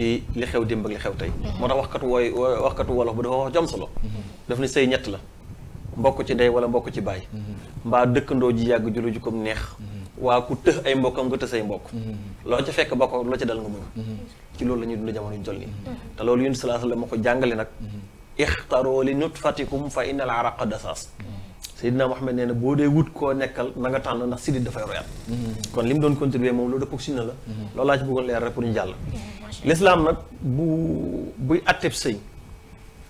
ci li xew démb ak li xew tey mm-hmm. moo tax waxkatu wooy waxkatu wolof bu dafa wax jom solo mm-hmm. daf ni sëy ñett la mbokk ci ndey wala mbokk ci baay mm-hmm. mbaa dëkkandoo ji yàgg julu ju kom neex waa ku tëx ay mbokkam nga tës ay mbokk loo ca fekk bokk loo ca dal nga muñ ci loolu la ñuy dund jamono ñu toll nii te loolu yun salaa la ma ko jàngale nag ixtaroo li nutfatikum fa innal araqa dasas Seydina Mohamed nee na boo dee wut koo nekkal na nga tànn ndax sidit dafay royal mm-hmm. kon li mu doon contribuer moom loolu dëppog sunna la mm-hmm. loolu laa ci bëggoon leer rek pour ñu jàll l'islam nag bu buy atteb sëy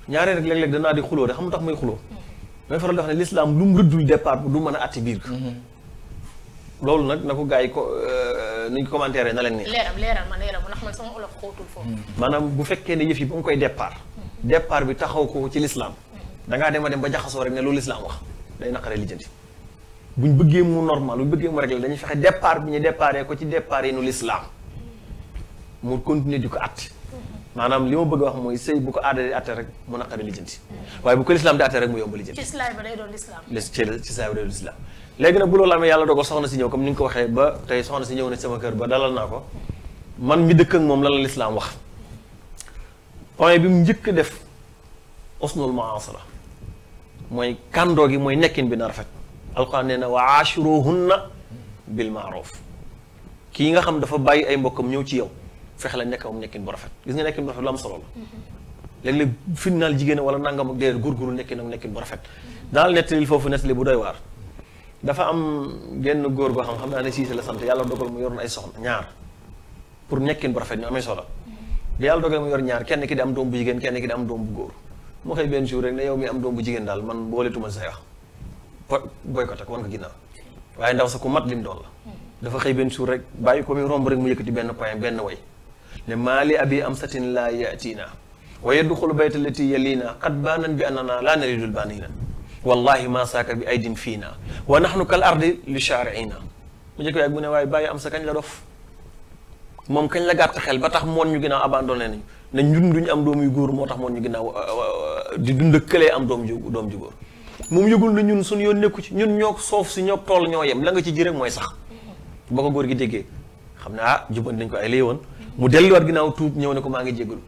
ñaaree rek léeg-léeg danaa di xuloo de xam tax muy xuloo mm-hmm. may faral di wax ne l'islam lu mu rëddul départ bu du mën a atte biir loolu nag na ko gars yi ko euh, nuñ commentaire na leen nii leeral leeral ma leeral ndax man sama olof xóotul foofu maanaam bu fekkee ne yëf yi ba nga départ départ bi taxaw ko ci l'islam dangaa dem dem ba jaxasoo rek ne loolu l'islam wax day naqaree lijjanti buñ bëggee mu normal buñ bëggee mu réglé dañuy fexe départ bi ñu déparé ko ci départ yi nu lislaam mu continuer di ko àtte maanaam li ma bëgg a wax mooy sëy bu ko aada di àtte rek mu naqaree lijjanti waaye bu ko lislaam di àtte rek mu yomb lijjanti. ci silaay day doon lislaam. ci silaay ba day doon léegi nag bu loolu amee yàlla dogal soxna si ñëw comme ni nga ko waxee ba tey soxna si ñëw na sama kër ba dalal naa ko man mi dëkk ak moom lan la lislaam wax point bi mu njëkk def osnul maasala mooy kàndoo gi mooy nekkin bi na rafet alquran nee na wa ashiruhunna bil maaruf kii nga xam dafa bàyyi ay mbokkam ñëw ci yow fexe la nekk am nekkin bu rafet gis nga nekkin bu rafet lu am solo la léeg-léeg jigéen wala nangam ak déedéet góorgóorlu nekkin am nekkin rafet daal nettali foofu nettali bu doy waar dafa am genn góor boo xam xam naa ne siise la sant yàlla dogal mu yor na ay soxna ñaar pour nekkin bu rafet ñu amee solo bi yàlla dogal mu yor ñaar kenn ki di am doom bu jigéen kenn ki di am doom bu góor mu xëy benn jour rek ne yow mi am doom bu jigéen daal man booletuma say wax ko ak wan ko ginnaaw waaye ndaw sa ko mat lim doon la dafa xëy benn suur rek bàyyi ko mi romb rek mu yëkkati benn point benn way ne maali abi am satin laa yaatiina wa yadxulu bayta lati yaliina qad baanan bi annana laa naridul baaniina wallahi maa saaka bi aydin fiina wa nahnu kal ardi li shaariina mu njëkk yaay mu ne waaye bàyyi am sa kañ la dof moom kañ la gàtt xel ba tax moo ñu ginnaaw abandonné nañu ne ñun duñu am doom yu góor moo tax moon ñu ginnaaw di dund ak këlee am doom ju doom ju moom yëgul na ñun suñu yoon nekku ci ñun ñoo soof si ñoo tool ñoo yem la nga ci ji rek mooy sax boo ko góor gi déggee xam ne ah jubban nañ ko ay lay woon mu delluwaat ginnaaw tuub ñëw ne ko maa ngi jéggalu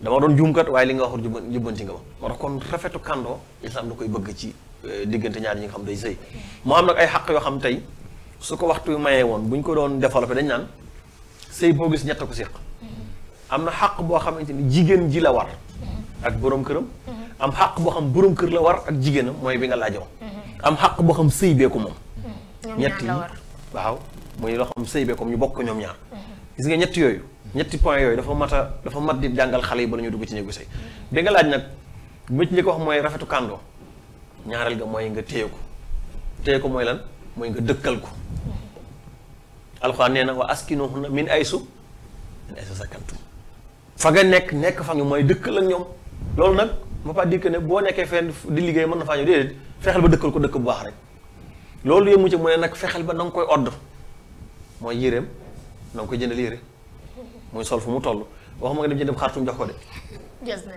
dama doon juumkat waaye li nga waxul jubban jubbanti nga ma moo tax kon rafetu kàndoo islam da koy bëgg ci euh, diggante ñaar ñi nga xam day sëy moo am nag ay xaq yoo xam tey su ko waxtu mayee woon bu ñu ko doon développé dañ naan sëy boo gis ñett ko séq am na xaq boo xamante ni jigéen ji la war ak boroom këram am xàq boo xam borom kër la war ak jigéenam mooy bi nga laajoon. Mm-hmm. am xàq boo xam sëy beeku moom. Mm-hmm. ñetti yi waaw muy loo xam ñu bokk ñoom ñaar. Mm-hmm. gis nga ñett yooyu ñetti point yooyu dafa mat dafa mat di jàngal xale yi bala ñu dugg ci néegu sëy bi nga laaj nag bu ci ko wax mooy rafetu kàndoo ñaareel ga mooy nga téye ko téye ko mooy lan mooy nga dëkkal ko. alxuraan nee na wa askinuhunna min aysu min aysu sakantum fa nekk nekk fa mooy dëkkal ak ñoom loolu nag. ma pas dire que ne boo nekkee fenn di liggéey mën na faa ñëw déedéet fexeel ba dëkkal ko dëkk bu baax rek loolu yëmu ci mu ne nag fexeel ba na nga koy odd mooy yéreem na nga koy jëndal yére muy sol fu mu toll wax ma nga dem jënd xartum jox ko de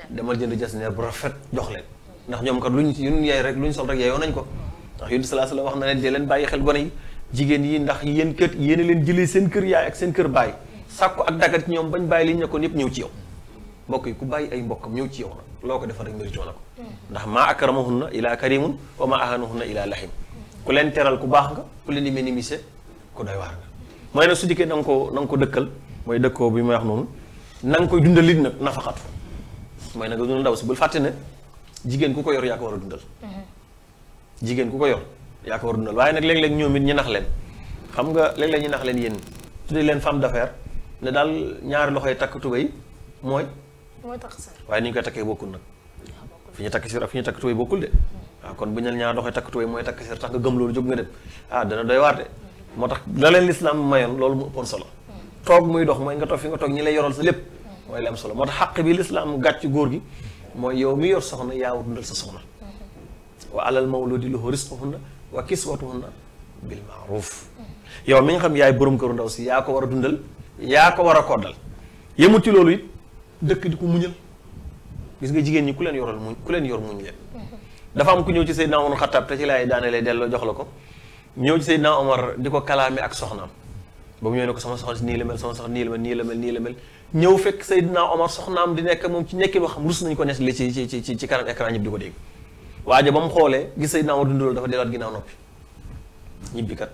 demal jënd jasneer bu rafet jox leen ndax ñoom kat luñ ñun yaay rek luñ sol rek yaayoo nañ ko ndax yonent sallallahu alayhi wasallam wax na leen bàyyi xel gone yi jigéen yi ndax yéen kët yéen leen jëlee seen kër yaay ak seen kër baay sàkku ak dagat ci ñoom bañ bàyyi li ñu nekkoon yépp ñëw ci yow mbokk yi ku bàyyi ay mbokkam ñëw ci yow na loo ko defal rek mérite na ko mm. ndax maa akramahunna ila karimun wa maa ahanahunna ila lahim ku leen teral ku baax nga ku leen di minimiser ku doy waar nga mooy ne su dikkee na ko na nga ko dëkkal mooy dëkkoo bi may wax noonu na nga koy nag na nga dundal ndaw si bul fàtte ne jigéen ku ko yor yaa ko war a dundal mm-hmm. jigéen ku ko yor yaa ko war a dundal waaye nag léeg-léeg ñoom it ñu nax leen xam nga léeg-léeg ñu nax leen yéen tuddee leen femme d'affaires ne daal ñaari loxoy takk tubéy mooy takk sër waaye ni ñu koy takkee bokkul nag fi ñu takk sër ak fi ñu takk tubéy bokkul de waaw kon bu ñu ñaar doxee takk tubéy mooy takk sër tax nga gëm loolu jóg nga dem ah dana doy waar moo tax la leen lislaam mayoon loolu mu ëppoon solo toog muy dox mooy nga toog fi nga toog ñi lay yoral sa lépp mooy li am solo moo tax xàq bi lislaam gàcc góor gi mooy yow mi yor soxna yaa war dundal sa soxna wa alal mawludi lahu risquhunna wa kiswatuhunna bil maaruf yow mi nga xam yaay borom këru ndaw si yaa ko war a ko war a koddal yemut ci loolu it dëkk di ko muñal gis nga jigéen ñi ku leen yoral muñ ku leen yor muñ leen dafa am ko ñëw ci Seydina Omar Xattab te ci laay daane lay delloo jox la ko ñëw ci Seydina Omar di ko kalaame ak soxnaam ba mu ñëw ne ko sama soxna si nii la mel sama soxna nii la mel nii la mel nii la mel ñëw fekk Seydina Omar soxnaam di nekk moom ci nekkin wax xam rus nañ ko nettali ci ci ci ci kanam écran ñëpp ko dégg waaja ba mu xoolee gis Seydina Omar dundul dafa delluwaat ginnaaw noppi ñibbi kat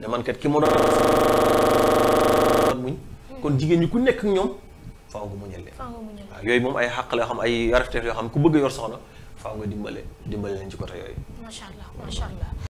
ne man kat ki mu doon muñ kon jigéen ñi ku nekk ñoom faaw nga muñal leen yooyu moom ay xàq la yoo xam ay warefteef yoo xam ku bëgg yor soxna faaw nga dimbale dimbale leen ci côté yooyu macha allah macha allah